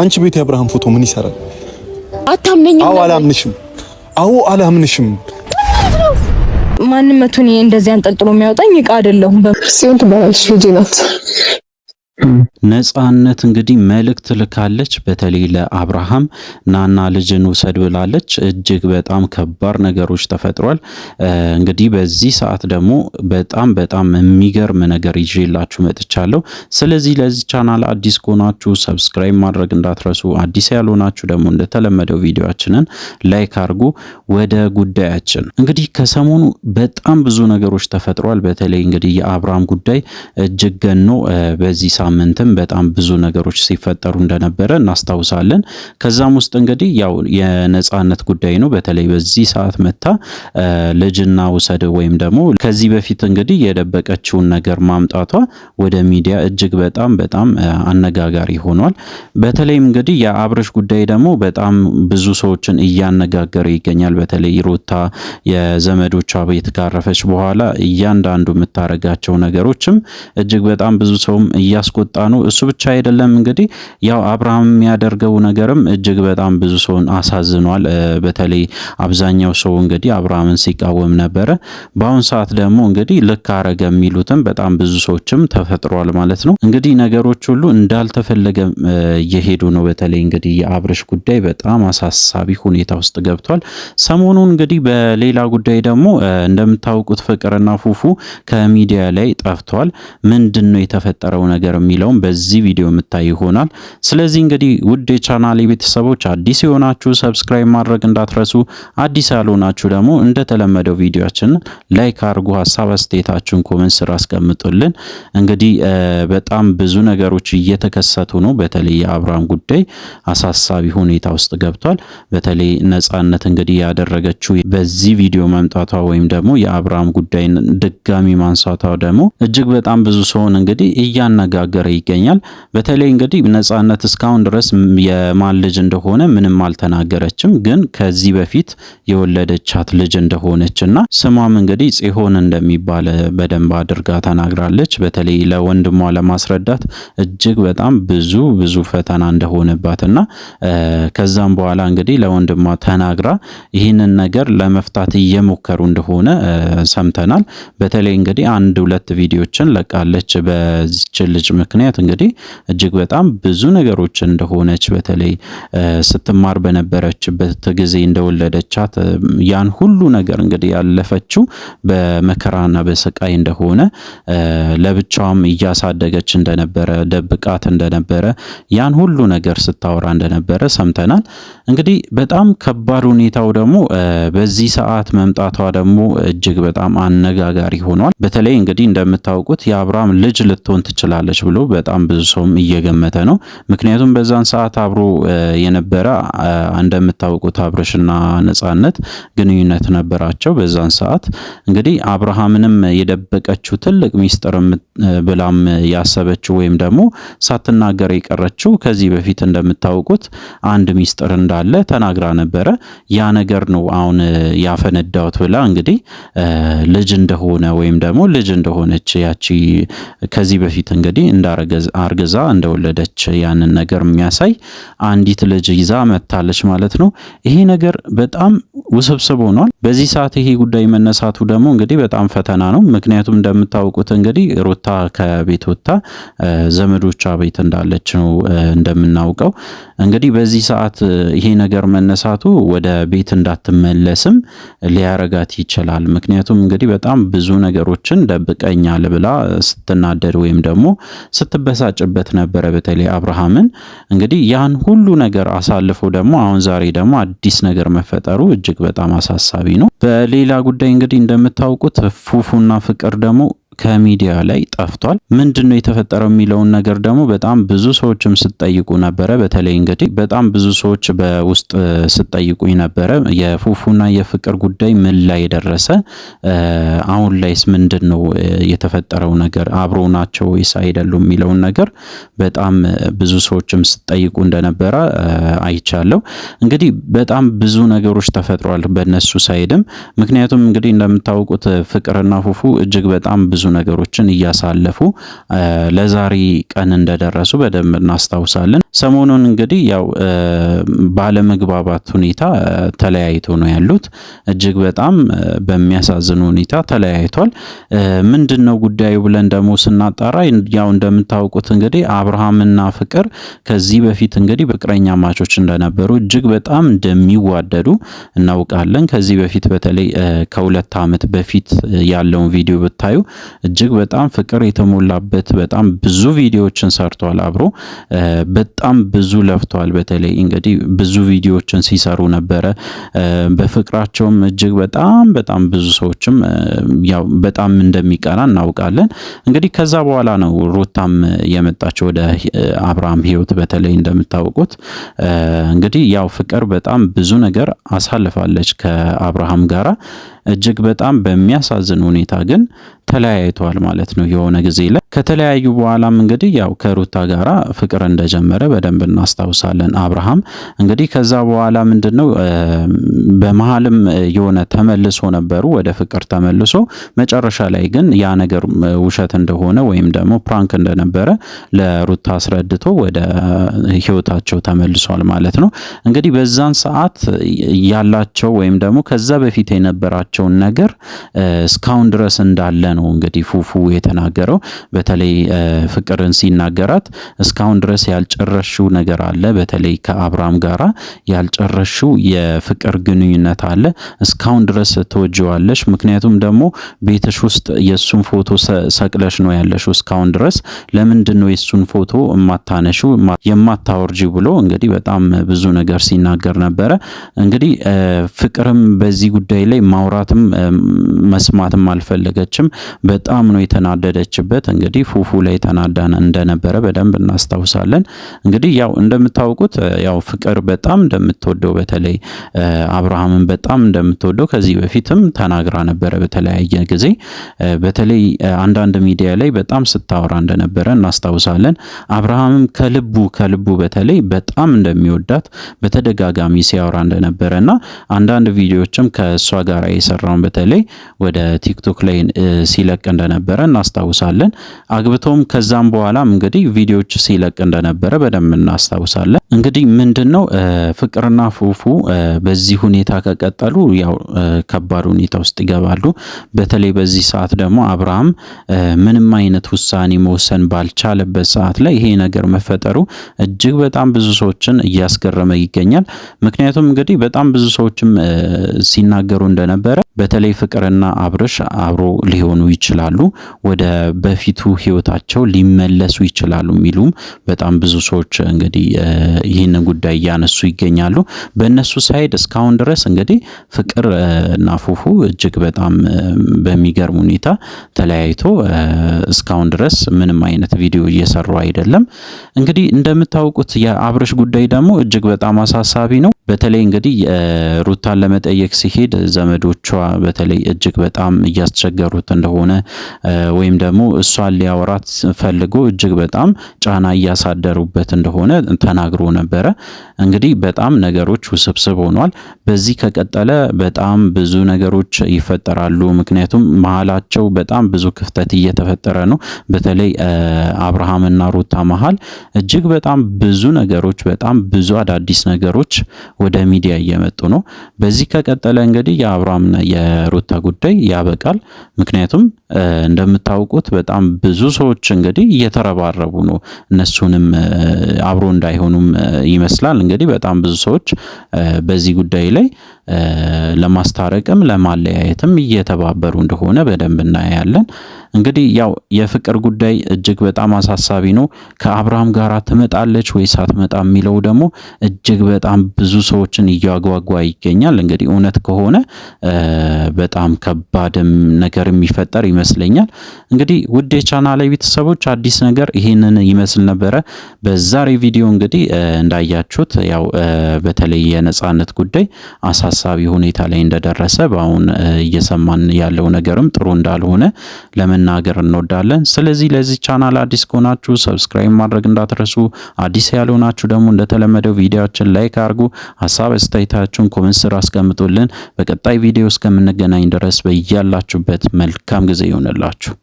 አንቺ ቤት የአብርሃም ፎቶ ምን ይሰራል? አታምነኝም? አዎ አላምንሽም። አዎ አላምንሽም። ማንም መቱን እንደዚህ አንጠልጥሎ የሚያወጣኝ እቃ አይደለሁም። ሲሆን ትባላለች። ልጄ ናት። ነጻነት እንግዲህ መልእክት ልካለች። በተለይ ለአብርሃም ናና ልጅን ውሰድ ብላለች። እጅግ በጣም ከባድ ነገሮች ተፈጥሯል። እንግዲህ በዚህ ሰዓት ደግሞ በጣም በጣም የሚገርም ነገር ይዤላችሁ መጥቻለሁ። ስለዚህ ለዚህ ቻናል አዲስ ከሆናችሁ ሰብስክራይብ ማድረግ እንዳትረሱ፣ አዲስ ያልሆናችሁ ደግሞ እንደተለመደው ቪዲዮችንን ላይክ አድርጉ። ወደ ጉዳያችን እንግዲህ ከሰሞኑ በጣም ብዙ ነገሮች ተፈጥሯል። በተለይ እንግዲህ የአብርሃም ጉዳይ እጅግ ገኖ በዚህ ሳምንትም በጣም ብዙ ነገሮች ሲፈጠሩ እንደነበረ እናስታውሳለን። ከዛም ውስጥ እንግዲህ ያው የነጻነት ጉዳይ ነው። በተለይ በዚህ ሰዓት መታ ልጅና ውሰድ ወይም ደግሞ ከዚህ በፊት እንግዲህ የደበቀችውን ነገር ማምጣቷ ወደ ሚዲያ እጅግ በጣም በጣም አነጋጋሪ ሆኗል። በተለይም እንግዲህ የአብርሽ ጉዳይ ደግሞ በጣም ብዙ ሰዎችን እያነጋገረ ይገኛል። በተለይ ሩታ የዘመዶቿ ቤት ካረፈች በኋላ እያንዳንዱ የምታረጋቸው ነገሮችም እጅግ በጣም ብዙ ሰውም እያስቆ ያስቆጣ ነው። እሱ ብቻ አይደለም እንግዲህ ያው አብርሃም የሚያደርገው ነገርም እጅግ በጣም ብዙ ሰውን አሳዝኗል። በተለይ አብዛኛው ሰው እንግዲህ አብርሃምን ሲቃወም ነበረ። በአሁን ሰዓት ደግሞ እንግዲህ ልክ አረገ የሚሉትም በጣም ብዙ ሰዎችም ተፈጥሯል ማለት ነው። እንግዲህ ነገሮች ሁሉ እንዳልተፈለገ እየሄዱ ነው። በተለይ እንግዲህ የአብርሽ ጉዳይ በጣም አሳሳቢ ሁኔታ ውስጥ ገብቷል። ሰሞኑ እንግዲህ በሌላ ጉዳይ ደግሞ እንደምታውቁት ፍቅርና ፉፉ ከሚዲያ ላይ ጠፍቷል። ምንድን ነው የተፈጠረው ነገር የሚለውም በዚህ ቪዲዮ የምታይ ይሆናል። ስለዚህ እንግዲህ ውድ የቻናሌ ቤተሰቦች አዲስ የሆናችሁ ሰብስክራይብ ማድረግ እንዳትረሱ፣ አዲስ ያልሆናችሁ ደግሞ እንደተለመደው ቪዲዮችን ላይክ አድርጉ፣ ሀሳብ አስተያየታችሁን ኮመንት ስር አስቀምጡልን። እንግዲህ በጣም ብዙ ነገሮች እየተከሰቱ ነው። በተለይ የአብርሃም ጉዳይ አሳሳቢ ሁኔታ ውስጥ ገብቷል። በተለይ ነጻነት እንግዲህ ያደረገችው በዚህ ቪዲዮ መምጣቷ ወይም ደግሞ የአብርሃም ጉዳይን ድጋሚ ማንሳቷ ደግሞ እጅግ በጣም ብዙ ሰውን እንግዲህ እያነጋገ እየተነገረ ይገኛል። በተለይ እንግዲህ ነጻነት እስካሁን ድረስ የማን ልጅ እንደሆነ ምንም አልተናገረችም። ግን ከዚህ በፊት የወለደቻት ልጅ እንደሆነች እና ስሟም እንግዲህ ጽሆን እንደሚባል በደንብ አድርጋ ተናግራለች። በተለይ ለወንድሟ ለማስረዳት እጅግ በጣም ብዙ ብዙ ፈተና እንደሆነባት እና ከዛም በኋላ እንግዲህ ለወንድሟ ተናግራ ይህንን ነገር ለመፍታት እየሞከሩ እንደሆነ ሰምተናል። በተለይ እንግዲህ አንድ ሁለት ቪዲዮችን ለቃለች በዚች ልጅ ምክንያት እንግዲህ እጅግ በጣም ብዙ ነገሮች እንደሆነች በተለይ ስትማር በነበረችበት ጊዜ እንደወለደቻት ያን ሁሉ ነገር እንግዲህ ያለፈችው በመከራና በስቃይ እንደሆነ ለብቻዋም እያሳደገች እንደነበረ ደብቃት እንደነበረ ያን ሁሉ ነገር ስታወራ እንደነበረ ሰምተናል። እንግዲህ በጣም ከባድ ሁኔታው ደግሞ በዚህ ሰዓት መምጣቷ ደግሞ እጅግ በጣም አነጋጋሪ ሆኗል። በተለይ እንግዲህ እንደምታውቁት የአብርሃም ልጅ ልትሆን ትችላለች ብሎ በጣም ብዙ ሰውም እየገመተ ነው። ምክንያቱም በዛን ሰዓት አብሮ የነበረ እንደምታውቁት አብርሽና ነጻነት ግንኙነት ነበራቸው። በዛን ሰዓት እንግዲህ አብርሃምንም የደበቀችው ትልቅ ሚስጥር ብላም ያሰበችው ወይም ደግሞ ሳትናገር የቀረችው ከዚህ በፊት እንደምታውቁት አንድ ሚስጥር እንዳለ ተናግራ ነበረ። ያ ነገር ነው አሁን ያፈነዳውት ብላ እንግዲህ ልጅ እንደሆነ ወይም ደግሞ ልጅ እንደሆነች ያቺ ከዚህ በፊት እንግዲህ አርግዛ እንደወለደች ያንን ነገር የሚያሳይ አንዲት ልጅ ይዛ መታለች ማለት ነው። ይሄ ነገር በጣም ውስብስብ ሆኗል። በዚህ ሰዓት ይሄ ጉዳይ መነሳቱ ደግሞ እንግዲህ በጣም ፈተና ነው። ምክንያቱም እንደምታውቁት እንግዲህ ሩታ ከቤት ወጥታ ዘመዶቿ ቤት እንዳለች ነው እንደምናውቀው። እንግዲህ በዚህ ሰዓት ይሄ ነገር መነሳቱ ወደ ቤት እንዳትመለስም ሊያረጋት ይችላል። ምክንያቱም እንግዲህ በጣም ብዙ ነገሮችን ደብቀኛል ብላ ስትናደድ ወይም ደግሞ ስትበሳጭበት ነበረ። በተለይ አብርሃምን እንግዲህ ያን ሁሉ ነገር አሳልፎ ደግሞ አሁን ዛሬ ደግሞ አዲስ ነገር መፈጠሩ እጅግ በጣም አሳሳቢ ነው። በሌላ ጉዳይ እንግዲህ እንደምታውቁት ፉፉና ፍቅር ደግሞ ከሚዲያ ላይ ጠፍቷል። ምንድን ነው የተፈጠረው የሚለውን ነገር ደግሞ በጣም ብዙ ሰዎችም ስጠይቁ ነበረ። በተለይ እንግዲህ በጣም ብዙ ሰዎች በውስጥ ስጠይቁኝ ነበረ የፉፉና የፍቅር ጉዳይ ምን ላይ ደረሰ? አሁን ላይስ ምንድን ነው የተፈጠረው ነገር አብሮ ናቸው ወይስ አይደሉም የሚለውን ነገር በጣም ብዙ ሰዎችም ስጠይቁ እንደነበረ አይቻለሁ። እንግዲህ በጣም ብዙ ነገሮች ተፈጥሯል በነሱ ሳይድም። ምክንያቱም እንግዲህ እንደምታውቁት ፍቅርና ፉፉ እጅግ በጣም ብዙ ነገሮችን እያሳለፉ ለዛሬ ቀን እንደደረሱ በደንብ እናስታውሳለን። ሰሞኑን እንግዲህ ያው ባለመግባባት ሁኔታ ተለያይቶ ነው ያሉት። እጅግ በጣም በሚያሳዝን ሁኔታ ተለያይቷል። ምንድን ነው ጉዳዩ ብለን ደግሞ ስናጣራ ያው እንደምታውቁት እንግዲህ አብርሃምና ፍቅር ከዚህ በፊት እንግዲህ ፍቅረኛ ማቾች እንደነበሩ እጅግ በጣም እንደሚዋደዱ እናውቃለን። ከዚህ በፊት በተለይ ከሁለት ዓመት በፊት ያለውን ቪዲዮ ብታዩ እጅግ በጣም ፍቅር የተሞላበት በጣም ብዙ ቪዲዮዎችን ሰርቷል አብሮ በጣም ብዙ ለፍተዋል። በተለይ እንግዲህ ብዙ ቪዲዮዎችን ሲሰሩ ነበረ። በፍቅራቸውም እጅግ በጣም በጣም ብዙ ሰዎችም ያው በጣም እንደሚቀና እናውቃለን። እንግዲህ ከዛ በኋላ ነው ሩታም የመጣቸው ወደ አብርሃም ህይወት። በተለይ እንደምታውቁት እንግዲህ ያው ፍቅር በጣም ብዙ ነገር አሳልፋለች ከአብርሃም ጋራ እጅግ በጣም በሚያሳዝን ሁኔታ ግን ተለያይቷል ማለት ነው። የሆነ ጊዜ ላይ ከተለያዩ በኋላም እንግዲህ ያው ከሩታ ጋራ ፍቅር እንደጀመረ በደንብ እናስታውሳለን አብርሃም። እንግዲህ ከዛ በኋላ ምንድን ነው በመሀልም የሆነ ተመልሶ ነበሩ ወደ ፍቅር ተመልሶ፣ መጨረሻ ላይ ግን ያ ነገር ውሸት እንደሆነ ወይም ደግሞ ፕራንክ እንደነበረ ለሩታ አስረድቶ ወደ ህይወታቸው ተመልሷል ማለት ነው። እንግዲህ በዛን ሰዓት ያላቸው ወይም ደግሞ ከዛ በፊት የነበራቸው ያላቸውን ነገር እስካሁን ድረስ እንዳለ ነው እንግዲህ ፉፉ የተናገረው። በተለይ ፍቅርን ሲናገራት እስካሁን ድረስ ያልጨረሽው ነገር አለ፣ በተለይ ከአብርሃም ጋራ ያልጨረሽው የፍቅር ግንኙነት አለ። እስካሁን ድረስ ትወጅዋለሽ፣ ምክንያቱም ደግሞ ቤትሽ ውስጥ የእሱን ፎቶ ሰቅለሽ ነው ያለሽው። እስካሁን ድረስ ለምንድን ነው የእሱን ፎቶ የማታነሽው የማታወርጂ ብሎ እንግዲህ በጣም ብዙ ነገር ሲናገር ነበረ። እንግዲህ ፍቅርም በዚህ ጉዳይ ላይ ማውራት ማውራትም መስማትም አልፈለገችም። በጣም ነው የተናደደችበት። እንግዲህ ፉፉ ላይ ተናዳ እንደነበረ በደንብ እናስታውሳለን። እንግዲህ ያው እንደምታውቁት ያው ፍቅር በጣም እንደምትወደው በተለይ አብርሃምን በጣም እንደምትወደው ከዚህ በፊትም ተናግራ ነበረ በተለያየ ጊዜ በተለይ አንዳንድ ሚዲያ ላይ በጣም ስታወራ እንደነበረ እናስታውሳለን። አብርሃምም ከልቡ ከልቡ በተለይ በጣም እንደሚወዳት በተደጋጋሚ ሲያወራ እንደነበረ እና አንዳንድ ቪዲዮዎችም ከእሷ ጋር የሰራውን በተለይ ወደ ቲክቶክ ላይ ሲለቅ እንደነበረ እናስታውሳለን። አግብቶም ከዛም በኋላም እንግዲህ ቪዲዮዎች ሲለቅ እንደነበረ በደንብ እናስታውሳለን። እንግዲህ ምንድን ነው ፍቅርና ፉፉ በዚህ ሁኔታ ከቀጠሉ ያው ከባድ ሁኔታ ውስጥ ይገባሉ። በተለይ በዚህ ሰዓት ደግሞ አብርሃም ምንም አይነት ውሳኔ መወሰን ባልቻለበት ሰዓት ላይ ይሄ ነገር መፈጠሩ እጅግ በጣም ብዙ ሰዎችን እያስገረመ ይገኛል። ምክንያቱም እንግዲህ በጣም ብዙ ሰዎችም ሲናገሩ እንደነበረ በተለይ ፍቅርና አብርሽ አብሮ ሊሆኑ ይችላሉ፣ ወደ በፊቱ ህይወታቸው ሊመለሱ ይችላሉ የሚሉም በጣም ብዙ ሰዎች እንግዲህ ይህን ጉዳይ እያነሱ ይገኛሉ። በእነሱ ሳይድ እስካሁን ድረስ እንግዲህ ፍቅር እና ፉፉ እጅግ በጣም በሚገርም ሁኔታ ተለያይቶ እስካሁን ድረስ ምንም አይነት ቪዲዮ እየሰሩ አይደለም። እንግዲህ እንደምታውቁት የአብርሽ ጉዳይ ደግሞ እጅግ በጣም አሳሳቢ ነው። በተለይ እንግዲህ ሩታን ለመጠየቅ ሲሄድ ዘመዶቿ በተለይ እጅግ በጣም እያስቸገሩት እንደሆነ ወይም ደግሞ እሷን ሊያወራት ፈልጎ እጅግ በጣም ጫና እያሳደሩበት እንደሆነ ተናግሮ ነበረ። እንግዲህ በጣም ነገሮች ውስብስብ ሆኗል። በዚህ ከቀጠለ በጣም ብዙ ነገሮች ይፈጠራሉ። ምክንያቱም መሀላቸው በጣም ብዙ ክፍተት እየተፈጠረ ነው። በተለይ አብርሃምና ሩታ መሀል እጅግ በጣም ብዙ ነገሮች በጣም ብዙ አዳዲስ ነገሮች ወደ ሚዲያ እየመጡ ነው። በዚህ ከቀጠለ እንግዲህ የአብርሃምና የሩታ ጉዳይ ያበቃል። ምክንያቱም እንደምታውቁት በጣም ብዙ ሰዎች እንግዲህ እየተረባረቡ ነው። እነሱንም አብሮ እንዳይሆኑም ይመስላል እንግዲህ በጣም ብዙ ሰዎች በዚህ ጉዳይ ላይ ለማስታረቅም ለማለያየትም እየተባበሩ እንደሆነ በደንብ እናያለን። እንግዲህ ያው የፍቅር ጉዳይ እጅግ በጣም አሳሳቢ ነው። ከአብርሃም ጋር ትመጣለች ወይስ አትመጣም የሚለው ደግሞ እጅግ በጣም ብዙ ሰዎችን እያጓጓ ይገኛል። እንግዲህ እውነት ከሆነ በጣም ከባድም ነገር የሚፈጠር ይመስለኛል። እንግዲህ ውድ የቻናሌ ቤተሰቦች አዲስ ነገር ይህንን ይመስል ነበረ። በዛሬ ቪዲዮ እንግዲህ እንዳያችሁት ያው በተለይ የነጻነት ጉዳይ አሳሳቢ አሳሳቢ ሁኔታ ላይ እንደደረሰ በአሁን እየሰማን ያለው ነገርም ጥሩ እንዳልሆነ ለመናገር እንወዳለን። ስለዚህ ለዚህ ቻናል አዲስ ከሆናችሁ ሰብስክራይብ ማድረግ እንዳትረሱ። አዲስ ያልሆናችሁ ደግሞ እንደተለመደው ቪዲዮችን ላይክ አድርጉ። ሀሳብ አስተያየታችሁን ኮሜንት ስር አስቀምጡልን። በቀጣይ ቪዲዮ እስከምንገናኝ ድረስ በያላችሁበት መልካም ጊዜ ይሆንላችሁ።